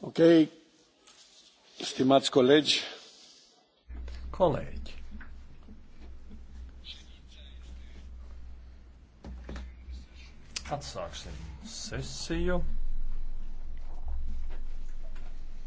Ok, stimați colegi. Colegi. Atsāksim sesiju.